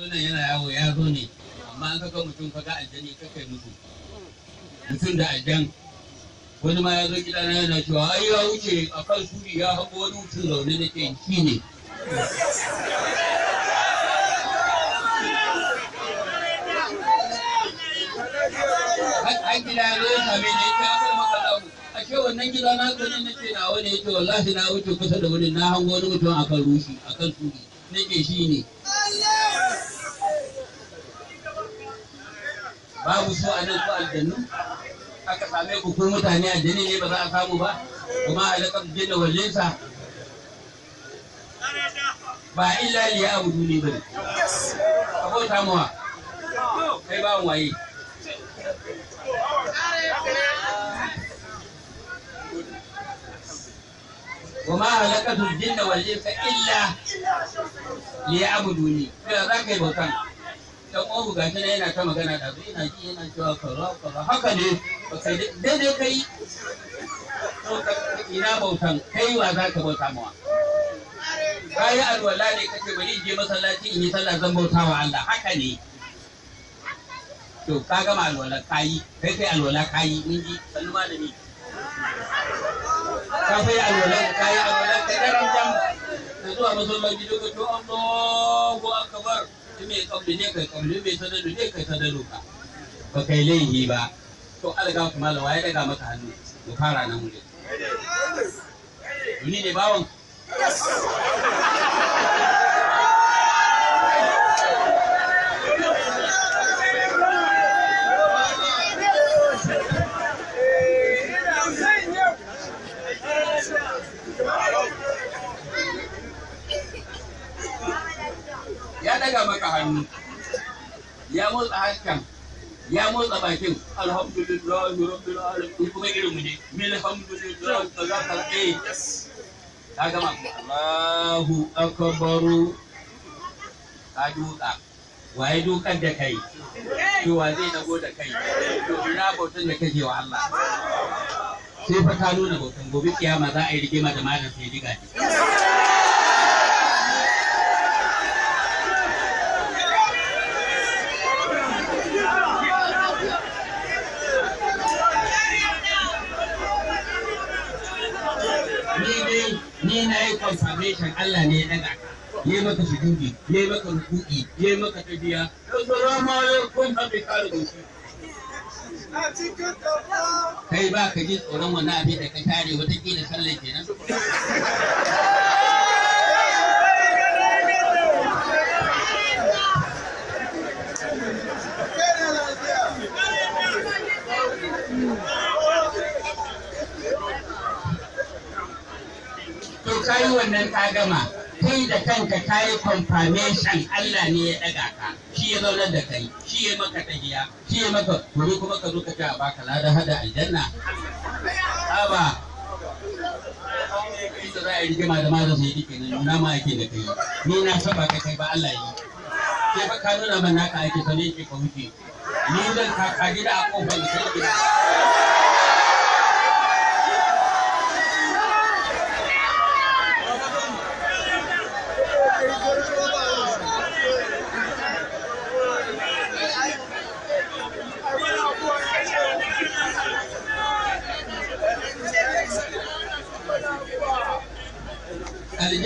zo yana yawo ya zo ne amma an kaga mutum kaga aljani kakai mutu mutum da aljan wani ma ya zo gida na yana cewa ai ya wuce a kan suri ya haƙo wani mutum zaune na ce shi ne har gida ya zo ya same ni ya ce maka zamu a wannan gida na zo ne na ce na wani ya ce wallahi na wuce kusa da wani na hango wani mutum a kan rushi a kan suri na ke shi ne babu su a nan ko aljannu aka same ku kun mutane a jini ne ba za a samu ba kuma jinda jinna wajensa ba illa liya abu ne ba ne abota mawa kai ba waye وما هلكت الجن والإنس إلا ليعبدوني فلا ذاك يبقى dan uwan mu gashi yana ta magana da bai yana ji yana cewa kaza kaza haka ne kai dai-dai kai ina bautan kai wa za ka bauta mawa kayi alwala ne kace bari in je masallaci in yi sallah zan bauta wa Allah haka ne to ka gama alwala kayi kai kai alwala kayi in ji sannu malami ka fa yi alwala kayi alwala ka daren jam da zuwa masallaci lokacin Allahu akbar in mai kabri ne kai kabri mai sadado ne kai sadado ka ba kai laihi ba to alga kuma lawa ya daga maka hannu mu fara nan wuri ni ne bawon ya maka hannu ya motsa hakan ya motsa bakin alhamdulillah rabbil alamin kuma irin mu ne min alhamdulillah ka eh gama Allahu akbaru ka duka waye dukan da kai to wa zai nago da kai to ina bautan da kake wa Allah sai fa ta nuna bautan gobe kiyama za a yi rigima da malam sai diga ne kawai shi Allah ne ya daga ya maka sujudi ya maka rukudi ya maka tabiya yau zama ma yau kun ba bai kare kai ba ka ji tsoron wani abin da ka tare watakila sallar kenan nan ka gama kai da kanka ka yi confirmation Allah ne ya daga ka shi ya zauna da kai shi ya maka tahiya shi ya maka gobe kuma ka zo ka ta baka lada hada aljanna aba ita za a yi rigima da mazan sai dike nan nuna ma ake da kai ni na saba ka kai ba Allah yi sai fa ka nuna mana ka ake sane ke ka wuce ni zan ka gida a kofar sai ke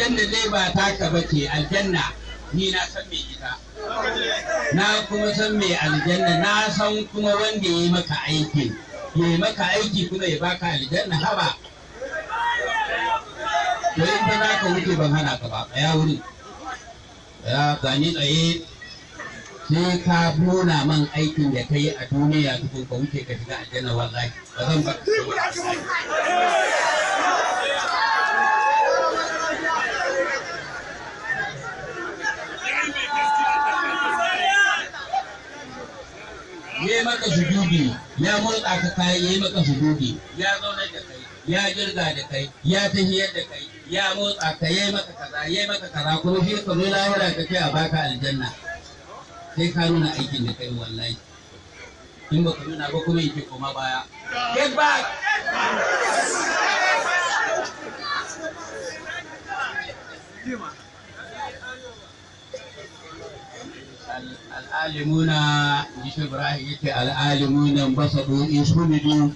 aljanna zai ba taka ba ce aljanna ni na san me ita na kuma san me aljanna na san kuma wanda ya yi maka aiki ya yi maka aiki kuma ya baka aljanna haba to in ba za ka wuce ban hana ka ba ya wuri ya gani tsaye sai ka nuna man aikin da ka yi a duniya tukun ka wuce ka shiga aljanna wallahi ba zan ba maka sujudu ya motsa ka kai ya yi maka sujudu ya zauna da kai ya girga da kai ya tahiyar da kai ya motsa ka ya yi maka kaza ya yi maka kaza kuma shi ka yana lahira ka kai a baka aljanna sai ka nuna aikin da kai wallahi in ba ka nuna ba kuma yake koma baya get back al'alimuna jishi ibrahim yake al'alimuna basadu isumidu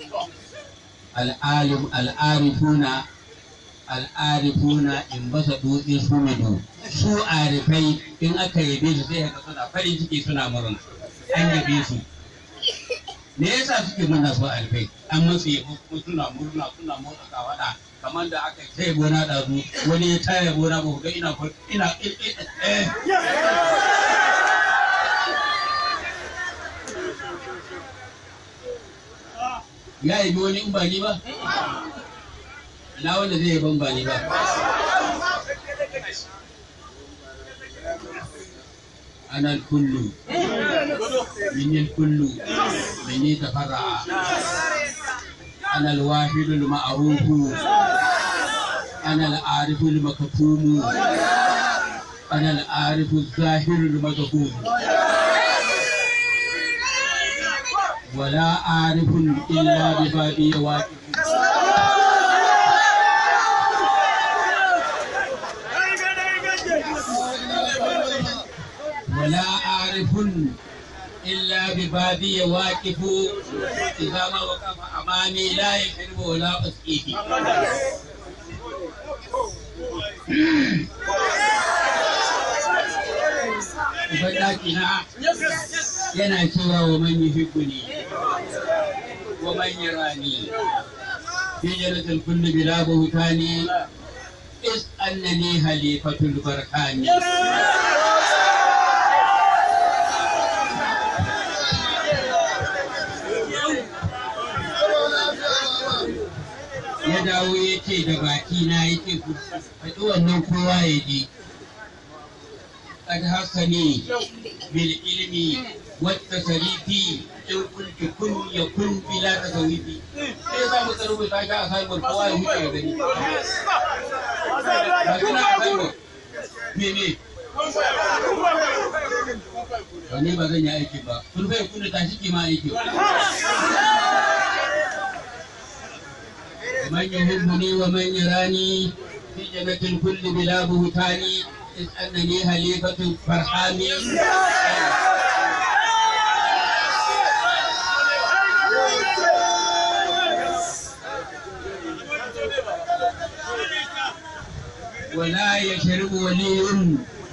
al'alim al'arifuna al'arifuna in su arifai in aka yabe su sai ka suna farin ciki suna murna an yabe su me yasa suke muna su arifai an matsu yabo kuma suna murna suna motsa kawada kamar da aka kai gona ɗazu wani ya taya gona ba ku ga ina ina ya yi wani in ba ni ba na wanda zai yi ban ba ni ana kullu min yin kullu min yi ta fara ana wahidul ma'arufu ana al'arifu makatumu ana al'arifu zahirul makatumu wala arifun illa bi babi wa wala إلا ببابي واقف إذا ما وقف أمامي لا يحرم ولا أسقيه Ubangiji na yana cewa wa man hukuni. ومن يراني في جنة الكل بلا بهتان إذ أنني خليفة البركان ya dawo ya ce da baki na ya ce ku wannan kowa ya ji. Ad haka ne bil ilmi والتسريبي sarifi قلت كن يكن بلا تسريب إيه a متروي تاجا أسايب القوائي ya يغني لكن أسايب ميني ba ne ba zan yi aiki ba kun bai kun da tashi ke ma aiki man yuhibbuni wa man yurani fi jannatin kulli bila buhtani is annani halifatun farhami ولا يشرب ولي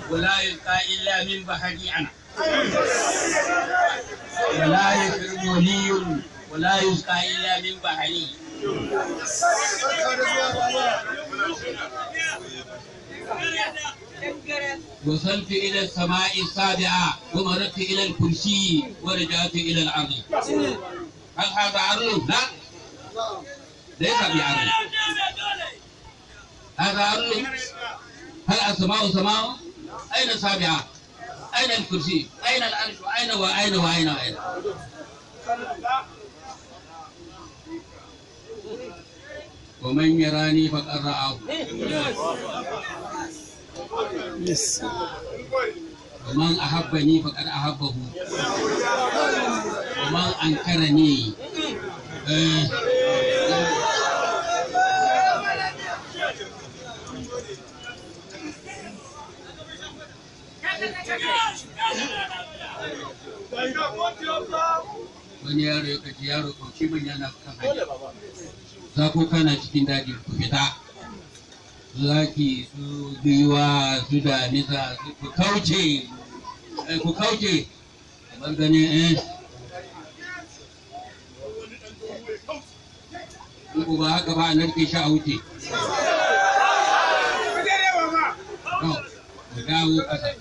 ولا يلقى إلا من بحري أنا ولا يشرب ولي ولا يسقى إلا من بحري وصلت إلى السماء السابعة ومرت إلى الكرسي ورجعت إلى الأرض هل هذا عرض؟ لا ليس بعرض هذا أرض هل السماء سماء أين سابعة أين الكرسي أين العرش أين وأين وأين وأين ومن يراني فقد رآه ومن أحبني فقد أحبه ومن أنكرني آه wani yaro ya kaji yaro kauce manya na kan hanya za ko kana cikin daji ku fita zaki su giwa su damisa ku kauce eh, ku kauce kamar ganin eh ko ba haka ba a narke shi a wuce mu dawo ƙasa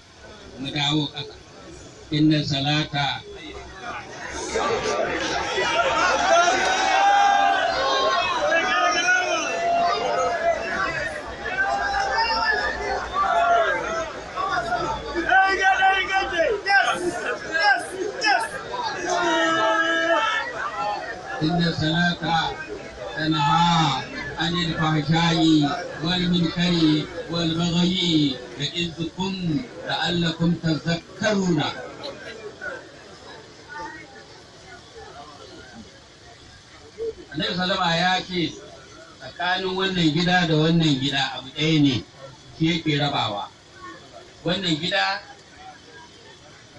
mu dawo ƙasa inna salata وتنهى عن الفحشاء والمنكر Annabi Salama ya ce tsakanin wannan gida da wannan gida abu ɗaya ne shi yake rabawa. Wannan gida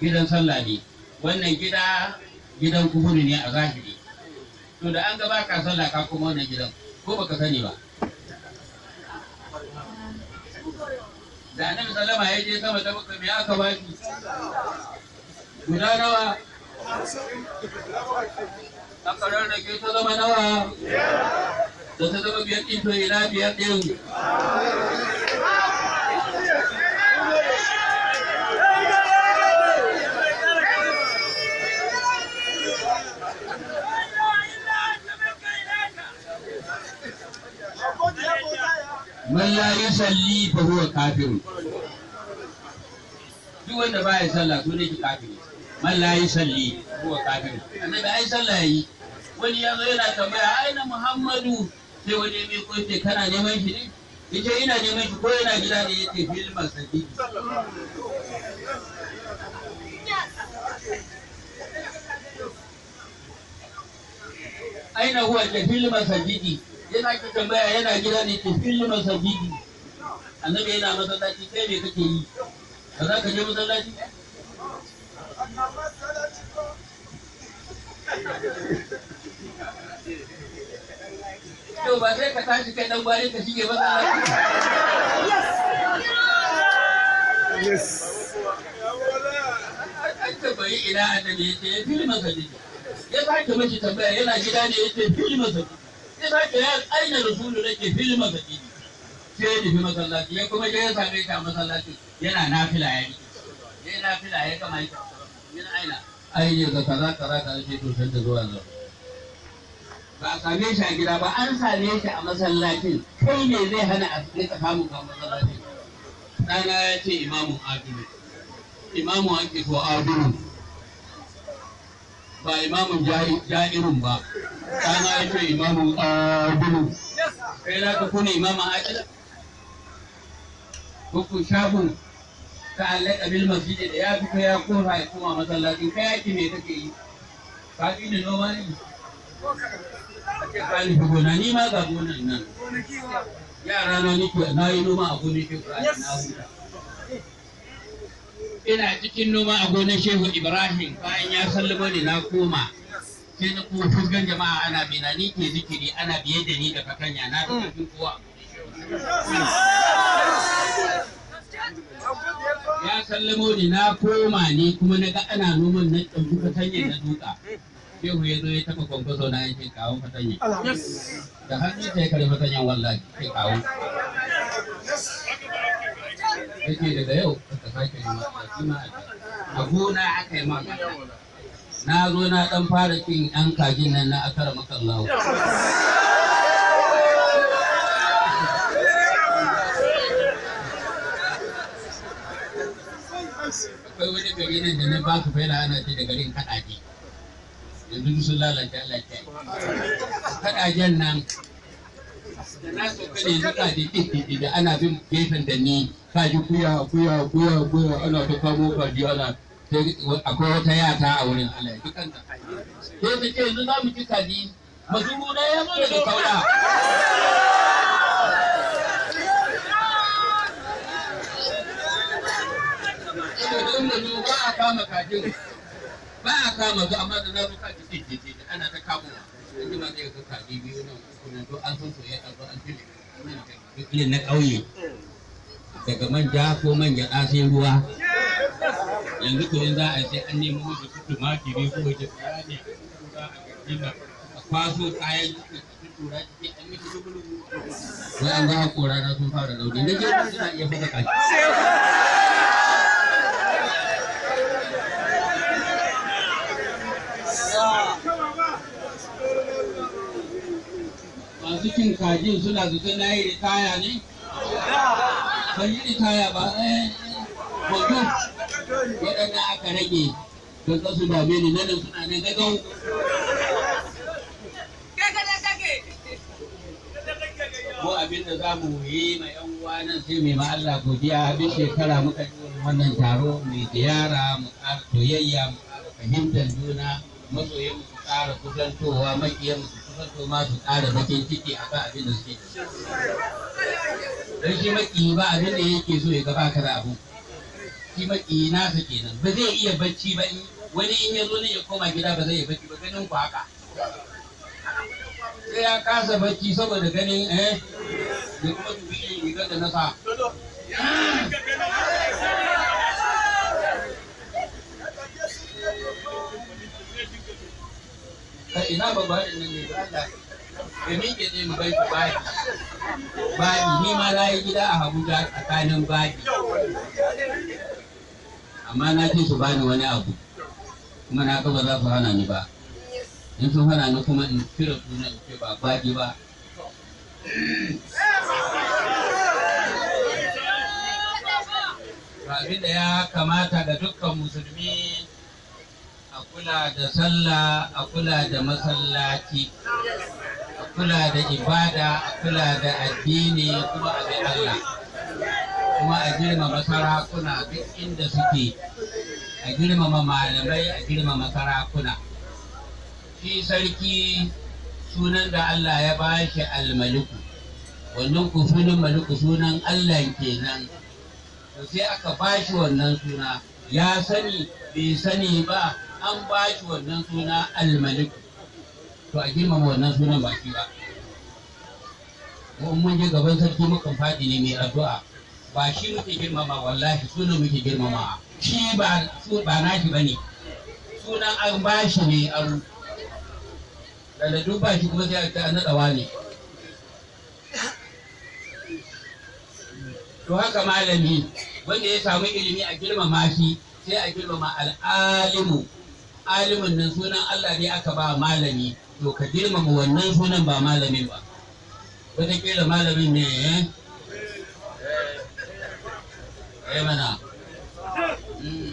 gidan sallah ne, wannan gida gidan kuhuri ne a zahiri. to da an ga ba ka sallah ka koma wannan gidan ko baka sani ba da annabi sallama ya je sama ta bakwai me aka ba shi guda nawa takarar da ke ta zama nawa da ta zama biyar ɗin to ina biyar ɗin man la yusalli fa huwa kafirun duk wanda ba ya sallah to ne ki kafiri man la yusalli huwa kafirun annabi ai sallah yi wani ya zo yana tambaya ai na muhammadu sai wani mai ko yace kana neman shi ne yace ina neman shi ko yana gida ne yace fil masjid aina huwa fil masjid yana tambaya yana gida ne to fi yi masa gidi annabi yana masallaci sai me kake yi ba za ka je masallaci to ba sai ka tashi kai dan gwari ka shige masallaci yes an tambayi ina annabi ya ce ya fi masa gidi ya sake mace tambaya yana gida ne ya ce fi masa sai ba ta yaya aina rasulu nake fil masjidi sai ya tafi masallaci ya kuma je ya same ta masallaci yana nafila ya rike ya nafila ya kama ya yana aina ai ya ga kaza kaza kaza ce to san da zuwa zuwa ba a same shi a gida ba an same shi a masallacin kai ne zai hana a rika samun kan masallacin ɗana ya ce imamun adilu imamun haƙi ko adilu ba imamun ja'irun ba ɗana ita imamu ƙabilu kai za ka kuna imama aƙila hukun shafin ka allaka bil masjid da ya fito ya kofa ya koma masallacin kai yaki me kake yi ka ƙi ni noma ne kake gona ni ma ga gonan nan yara na nike na yi noma a gonar shehu ibrahim na huta ina cikin noma a gonar shehu ibrahim bayan ya sallama ne na koma sai na kuma fuskan jama'a ana bina ni ke zikiri ana biye da ni da fatanya na da kafin kowa ya sallamo ni na koma ni kuma na ga ana noman na ɗauki fatanya na duka shehu ya zo ya taɓa kwankwaso na yake kawo fatanya da hannu sai kare fatanyan wallahi sai kawo yake daga yau ka sake yi mata a gona aka yi mata na zo na dan fara kin yan kajin nan na akara Allah. akwai wani gari nan da na ba baka faila ana ce da garin kaɗaje yanzu sun lalata lalata kaɗajen nan da na sauka ne na kaji ɗiɗɗiɗi da ana bin gefen da ni kaji kuya kuya kuya kuya ana ta kamo kaji ana akwai wata yata a wurin Allah ya kanta ke mu ce yanzu za mu ci kaji mazuru na ya zo da kaura ba a kama kajin ba a kama su amma da na zo kaji jijjiji da ana ta kamowa an ma zai ga kaji biyu nan kuma to an san soyayya an fili, an tile na ƙauye daga manja ko man gyaɗa sai ruwa yanzu to za a sai an nemo da su tumatiri ko da tsara ne a kwaso kayan tura ce an yi gudu wai an ga hakora na sun fara rauni na je suna iya fasa kashi masu cin kajin suna zuta na yi ritaya ne ban yi ritaya ba eh, eh waɗanda aka rage don kasu dame ni nan suna nan gagau ko abin da za mu yi ma yan uwa nan sai mai ma Allah godiya abin shekara muka yi wannan taro mai ziyara mu ƙara soyayya mu ƙara fahimtar juna masoyan su ƙara kusantowa makiyan su kusanto ma su ƙara bakin ciki akan abin da suke don shi maki ba abin da yake so ya gaba ka da abu shi maƙi nasa kenan ba zai iya bacci ba wani in ya zo ne ya koma gida ba zai iya bacci ba ganin ku haka sai ya kasa bacci saboda ganin eh da kuma dubi rigar da na sa ah! ina babba nan ne ba Allah ya miƙe tsaye mu gan shi baɗi ni ma na yi gida a Abuja tsakanin baɗi amma na ce su bani wani abu kuma na ga ba za su hana ni ba in sun hana ni kuma in cire sunan ke ce ba baɗi ba abin da ya kamata ga dukkan musulmi a kula da sallah a kula da masallaci kula da ibada a kula da addini kuma a bi Allah kuma a girmama sarakuna duk inda suke a girmama malamai a girmama sarakuna shi sarki sunan da Allah ya ba shi almaliku wannan kusurin maliku sunan Allah kenan to sai aka ba shi wannan suna ya sani bai sani ba an ba shi wannan suna almaliku to a girmama wannan sunan baki ba ko mun je gaban sarki mukan faɗi ne mai addu'a ba shi muke girmama wallahi sunan muke girmama shi ba ba nashi bane sunan an bashi ne an da da duba shi kuma sai a naɗawa ne to haka malami wanda ya samu ilimi a girmama shi sai a girmama al'alimu alimin nan sunan Allah ne aka ba malami to ka girmama wannan sunan ba malami ba wataƙila malamin ne eh, eh, eh mana hmm.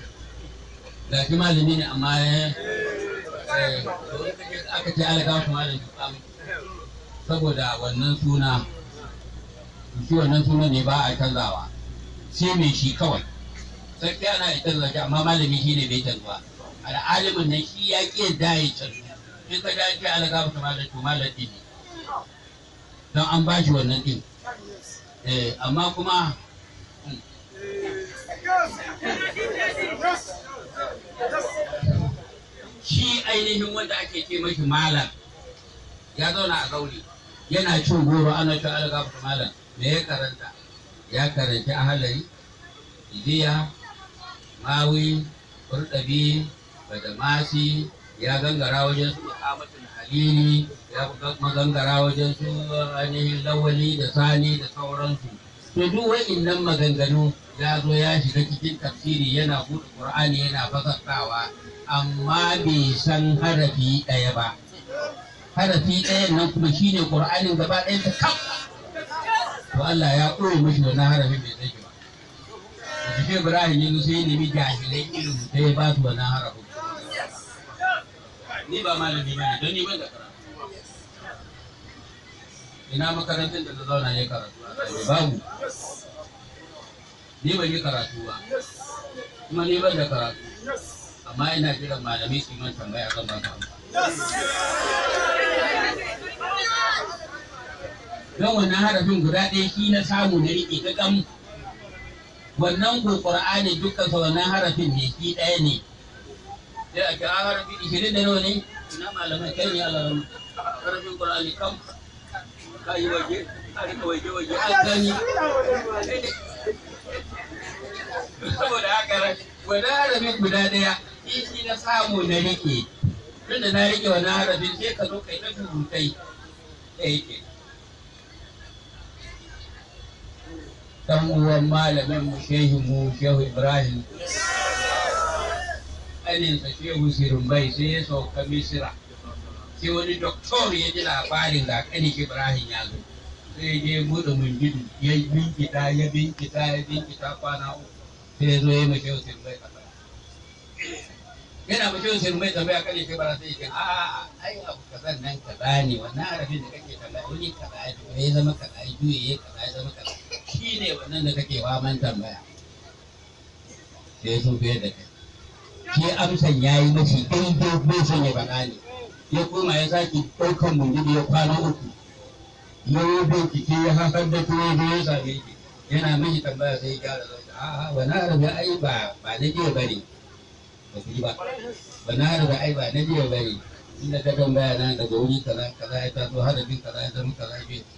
ga shi malami ne amma eh, eh aka ce alagawa malami saboda wannan suna shi wannan suna ne ba a canzawa sai mai shi kawai sai ana yi canza shi amma malami shi ne bai canzuwa al'alimin nan shi ya ƙi yadda ya canzu in ka ga ke ala gafa malam to malam ne don an ba shi wannan din eh, amma kuma shi ainihin wanda ake ce mashi malam ya zauna a gauri yana cin goro ana cin algafa malam me ya karanta ya a ahalari idiya mawi kurdabi badamasi ya gangara wajen su amatul halili ya kuma gangara wajen su lawali da sani da sauransu to duk nan maganganu ya zo ya shiga cikin tafsiri yana buɗe qur'ani yana fasartawa amma bai san harafi ɗaya ba harafi ɗaya nan kuma shine qur'anin gaba ɗaya ta kam to Allah ya ɓoye mashi wannan harafin bai zai ba Ibrahim zo sai ya nemi jahilai irin da ya ba su wannan harafin ni ba malami ba ne don ni ban da karatu ina makarantar da na zauna ya karatu babu ni ban yi karatu ba kuma ni ban da karatu amma ina jiran malamai su yi tambaya kan ba don wannan harafin guda ɗaya shi na samu na riƙe ta ƙam wannan ko ƙur'ani dukkan sa wannan harafin ne shi ɗaya ne sai a kira harafi ishirin da nawa ne ina malamai kai ne alamu harafin qur'ani kam ka yi waje ka rika waje waje an gani saboda haka wani harafin guda daya shi na samu na rike tunda na rike wani harafin sai ka zo kai ta rubutai yi yake dan uwan malamin mu shehu mu shehu ibrahim kaninsa shehu sirumbai sai ya sauka misira sai wani doktor ya ji labarin da kanin ibrahim ya zo sai ya je buɗe mungidu ya binkita ya binkita ya binkita kwana uku sai ya zo ya mace shehu sirumbai kasa yana mutum sai mai tambaya kan yake bara sai yake a ai abu kaza nan kaza ne wannan arabin da kake kaza wani kaza ne ya zama kaza ya juye ya kaza ya zama kaza ne wannan da kake wa man tambaya sai sun fiye da kai ke amsan ya yi mace ɗan dogo son ya faɗa ne ya koma ya sake ɗaukan bundumi ya kwana uku ya yi bincike ya haifar da tuwo da ya same shi yana mashi tambaya sai ya gyara zai a'a wani arabi ai ba ba na jiya bane ba ku ji ba wani arabi ai ba na jiya bane inda ka tambaya na daga wuri kaza kaza ya taso harafin kaza ya zama kaza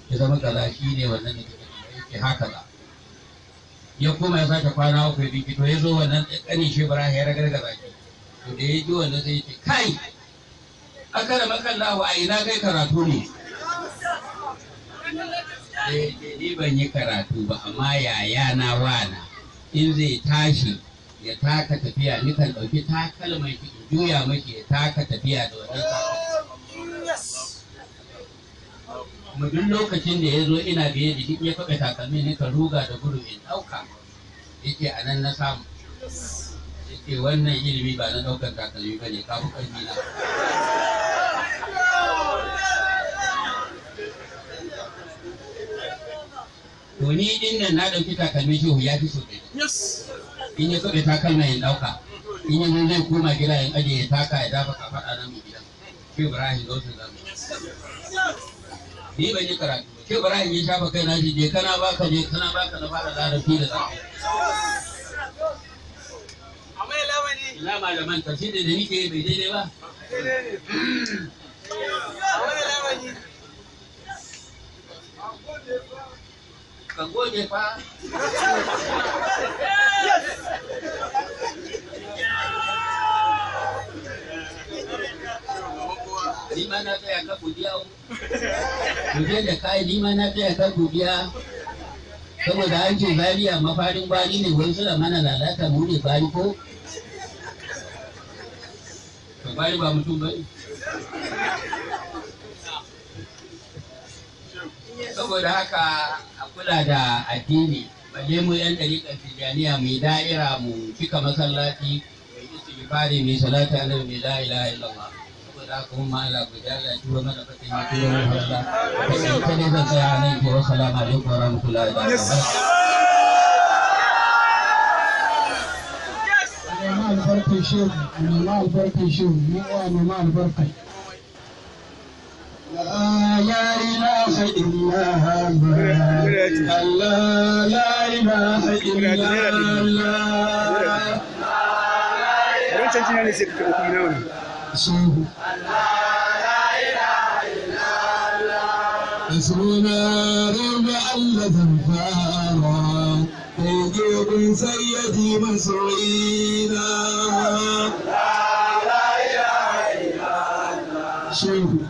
ya zama kaza shi ne wannan da ke haka za ya koma ya sake kwana uku ya to ya zo wannan ƙanin shi bara ya ragargaza shi to da ya ji wannan sai ya ce kai akara wa a ina kai karatu ne ni ban yi karatu ba amma yaya na wana in zai tashi ya taka tafiya Ni kan ɗauki takalman shi juya miki ya taka tafiya da wannan kuma duk lokacin da ya zo ina biye da shi ya faɗa takalmi ne ka ruga da gudu in ɗauka yake a nan na samu yake wannan ilimi ba na ɗaukar takalmi ba ne kafin ƙarfi na to ni din nan na ɗauki takalmin shi ya fi sosai in ya faɗa takalma in ɗauka in yanzu zai koma gida in ajiye ya taka ya dafa kafaɗa na mai gidan ibrahim zo su zama ni ban yi karatu ke bara in yi shafa kai na je kana baka je kana baka na fara zarafi da zarafi ina malaman tafsir da nike bai daidai ba ka gode fa ni na tsaya ka godiya ku da kai ni ma na tsaya ka godiya saboda an ce zariya mafarin gwari ne wani suna mana lalata mu ne gwari ko ka gwari ba mutum ba saboda haka a kula da addini ba balle mu yan dariƙar tijjaniya mu yi da'ira mu cika masallaci mu yi mai mu yi salatu annabi la ilaha illallah وإياكم على بداية ومنفة مكين وحسن فإن كلمة عليك والسلام عليكم ورحمة الله وبركاته albarkai shehu noma albarkai shehu muwa noma albarkai لا إله إلا الله لا إله إلا الله شيخ عشرون ربعا لزنفارا توجيه سيدي مسعودا لا لا إله إلا الله